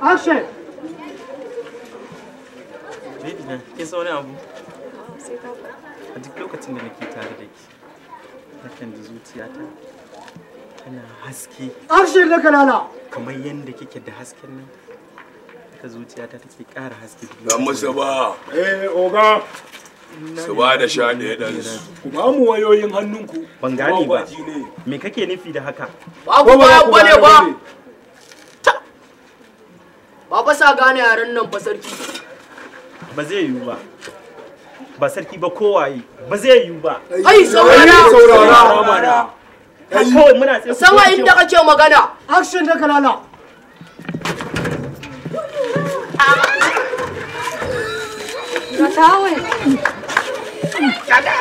Action! Baby na, kin san abu? A duk lokacin da nake tare da ki, nakan ji zuciyata tana haske. Action na kalala! Kamar yadda kike da hasken nan, ta zuciyata take ƙara haske. Dan musu ba. Eh, oga. su ba da sha ɗaya ɗansu. su. ba mu wayoyin hannunku. Ban gane ba. Me kake nufi da haka? Ba ku ba ku bane ba. ba fa sa gane yaren nan ba sarki ba zai yiwu ba ba sarki ba kowaye ba zai yiwu ba ai saurara saurara kawai muna tsaye sama inda kake magana action da kalala Natawai. Kada.